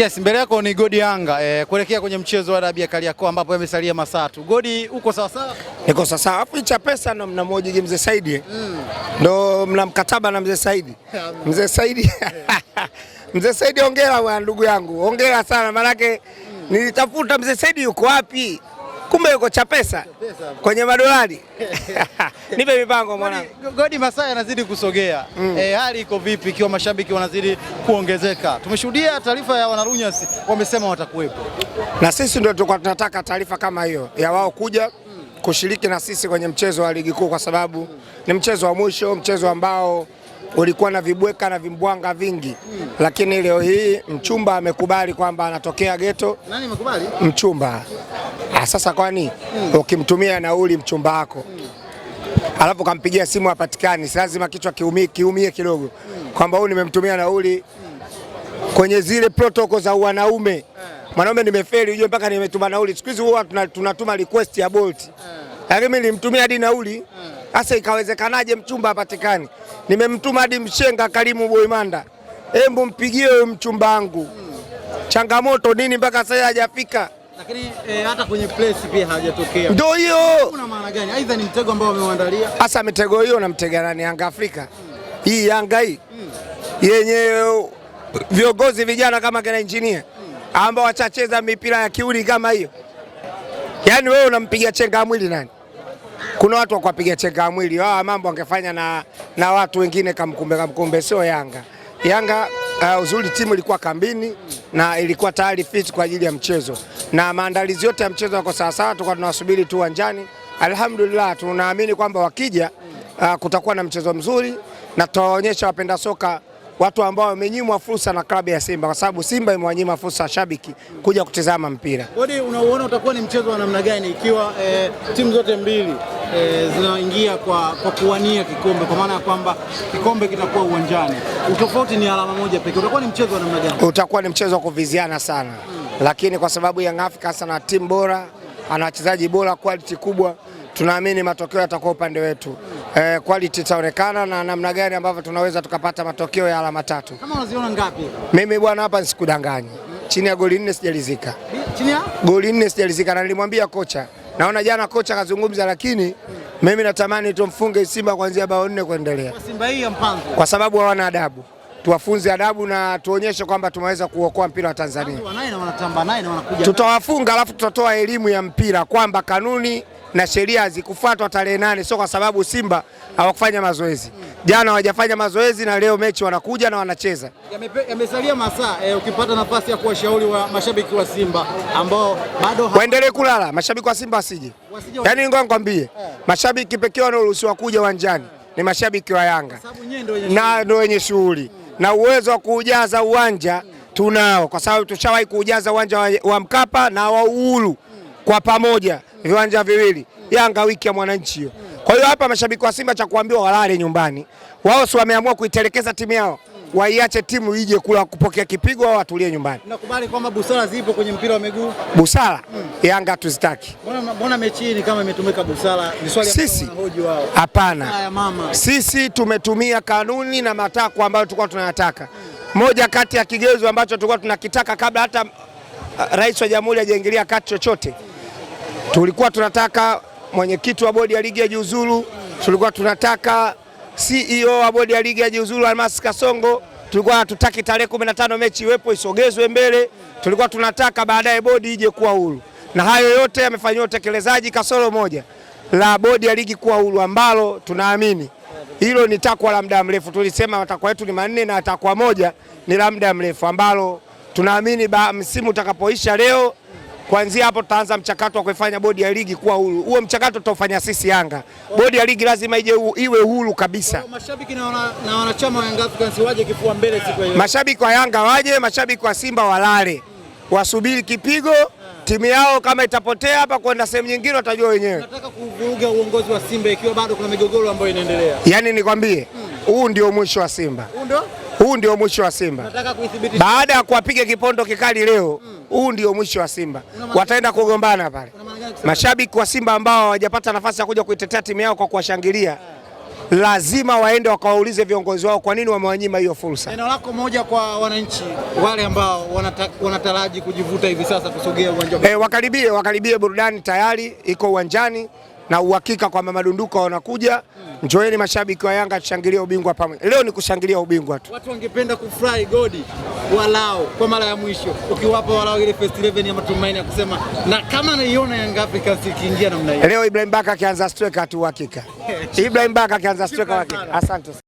Yes, mbele yako ni Godi Yanga eh, kuelekea kwenye mchezo wa dabi ya Kariakoo ambapo yamesalia masaa tu. Godi, uko sawa sawa? Niko sawa sawa. Afu cha pesa ndo mnamhoji mzee Saidi eh? mm. ndo mna mkataba na mzee Saidi mzee Saidi mzee Saidi ongera bwana, ndugu yangu, ongera sana maanake mm. nilitafuta mzee Saidi yuko wapi, kumbe yuko cha pesa kwenye madolari nipe mipango mwanangu. Godi Masai anazidi kusogea mm. E, hali iko vipi ikiwa mashabiki wanazidi kuongezeka? Tumeshuhudia taarifa ya wanarunyas wamesema watakuwepo, na sisi ndio tulikuwa tunataka taarifa kama hiyo ya wao kuja kushiriki na sisi kwenye mchezo wa ligi kuu, kwa sababu ni mchezo wa mwisho, mchezo ambao ulikuwa na vibweka na vimbwanga vingi hmm. Lakini leo hii mchumba amekubali kwamba anatokea geto. Nani amekubali? Mchumba. Ah, sasa kwani hmm. ukimtumia nauli mchumba wako hmm. alafu kampigia simu hapatikani, si lazima kichwa kiumie, kiumie kidogo hmm. kwamba huyu nimemtumia nauli hmm. kwenye zile protoko za wanaume hmm. Mwanaume nimefeli, ujue mpaka nimetuma nauli. Siku hizi huwa tunatuma request ya Bolt hmm. Lakini mimi nilimtumia hadi nauli hmm. Sasa ikawezekanaje mchumba apatikani? Nimemtuma hadi mshenga Karimu Boimanda, embu mpigie huyo mchumba wangu. Changamoto nini mpaka sasa hajafika? Lakini e, hata kwenye place pia hajatokea. Ndio hiyo. Kuna maana gani? Aidha ni mtego ambao wamewaandalia. Sasa mitego hiyo na mtega nani? Yanga Afrika hii Yanga hii hmm. yenye viongozi vijana kama kina injinia hmm. ambao wachacheza mipira ya kiuli kama hiyo, yaani wewe unampiga chenga mwili nani? kuna watu wakuwapiga chenga mwili hawa ah, mambo angefanya na, na watu wengine kamkumbe kamkumbe, sio Yanga. Yanga uh, uzuri timu ilikuwa kambini na ilikuwa tayari fit kwa ajili ya mchezo na maandalizi yote ya mchezo yako sawasawa, tulikuwa tunawasubiri tu uwanjani. Alhamdulillah, tunaamini kwamba wakija uh, kutakuwa na mchezo mzuri na tutawaonyesha wapenda soka watu ambao wamenyimwa fursa na klabu ya Simba kwa sababu Simba imewanyima fursa shabiki kuja kutizama mpira. Bodi, unauona utakuwa ni mchezo wa namna gani ikiwa eh, timu zote mbili e, zinaingia kwa, kwa kuwania kikombe, kwa maana ya kwamba kikombe kitakuwa uwanjani. Utofauti ni alama moja pekee. Utakuwa ni mchezo wa namna gani? Utakuwa ni mchezo wa kuviziana sana hmm. Lakini kwa sababu Young Africans ana timu bora, ana wachezaji bora, quality kubwa, tunaamini matokeo yatakuwa upande wetu. E, quality itaonekana na namna gani ambavyo tunaweza tukapata matokeo ya alama tatu. Kama unaziona ngapi? Mimi bwana, hapa nisikudanganyi, chini ya goli nne sijalizika, chini ya goli nne sijalizika, na nilimwambia kocha Naona jana kocha akazungumza, lakini mimi natamani tumfunge Simba kuanzia bao nne kuendelea, kwa Simba hii ya mpango, kwa sababu hawana adabu. Tuwafunze adabu na tuonyeshe kwamba tumeweza kuokoa mpira wa Tanzania. Tutawafunga alafu tutatoa elimu ya mpira kwamba kanuni na sheria hazikufuatwa tarehe nane, sio kwa sababu Simba hawakufanya mazoezi jana, hawajafanya mazoezi na leo mechi wanakuja na wanacheza. Yamesalia masaa e, ukipata nafasi ya kuwashauri wa mashabiki wa Simba ambao bado waendelee kulala, mashabiki wa Simba wasije, yaani ngoja nikwambie yeah. mashabiki pekee wanaoruhusiwa kuja uwanjani ni mashabiki wa Yanga na ndio wenye shughuli hmm, na uwezo wa kuujaza uwanja hmm, tunao kwa sababu tushawahi kuujaza uwanja wa, wa Mkapa na wa Uhuru hmm, kwa pamoja viwanja viwili, Yanga wiki ya mwananchi hiyo. Kwa hiyo hapa mashabiki wa Simba cha kuambiwa walale nyumbani, wao si wameamua kuitelekeza timu yao waiache timu ije kula kupokea kipigo au watulie nyumbani. Nakubali kwamba busara zipo kwenye mpira wa miguu. Busara mm. Yanga tuzitaki. Mbona mbona mechi hii kama imetumika busara? Ni swali sisi hoji wao. Hapana. Sisi tumetumia kanuni na matakwa ambayo tulikuwa tunayataka. Mm. Moja kati ya kigezo ambacho tulikuwa tunakitaka kabla hata uh, rais wa jamhuri hajaingilia kati chochote mm tulikuwa tunataka mwenyekiti wa bodi ya ligi ajiuzulu, tulikuwa tunataka CEO wa bodi ya ligi ajiuzulu Almasi Kasongo, tulikuwa hatutaki tarehe 15 mechi iwepo isogezwe mbele, tulikuwa tunataka baadaye bodi ije kuwa huru, na hayo yote yamefanyiwa utekelezaji kasoro moja la bodi ya ligi kuwa huru, ambalo tunaamini hilo ni takwa la muda mrefu. Tulisema matakwa yetu ni manne na takwa moja ni la muda mrefu ambalo tunaamini msimu utakapoisha leo Kuanzia hapo tutaanza mchakato wa kuifanya bodi ya ligi kuwa huru. Huo mchakato tutaufanya sisi Yanga. Bodi ya ligi lazima ije iwe huru kabisa. Mashabiki na wanachama wa Yanga Africans waje kifua mbele siku hiyo. Mashabiki wa Yanga waje, mashabiki wa Simba walale, wasubiri kipigo timu yao kama itapotea hapa kwenda sehemu nyingine watajua wenyewe. Nataka kuvuruga uongozi wa Simba ikiwa bado kuna migogoro ambayo inaendelea. Yaani nikwambie, huu hmm, ndio mwisho wa Simba. ndio? huu ndio mwisho wa Simba baada ya kuwapiga kipondo kikali leo huu Huu ndio mwisho wa Simba, wataenda kugombana pale. Mashabiki wa Simba ambao hawajapata nafasi ya kuja kuitetea timu yao kwa kuwashangilia lazima waende wakawaulize viongozi wao kwa nini wamewanyima hiyo fursa. Neno lako moja kwa wananchi wale ambao wanataraji kujivuta hivi sasa kusogea uwanjani. Eh, wakaribie wakaribie, burudani tayari iko uwanjani na uhakika kwamba madunduko wanakuja. Hmm. Njoeni mashabiki wa Yanga tushangilie ubingwa pamoja. Leo ni kushangilia ubingwa tu. Watu wangependa kufurahi godi walao kwa mara ya mwisho, ukiwapa walao ile first 11 ya matumaini ya kusema, na kama naiona Yanga Africa ikiingia namna hiyo leo, Ibrahim Baka akianza striker tu uhakika Ibrahim Baka akianza striker uhakika. Asante.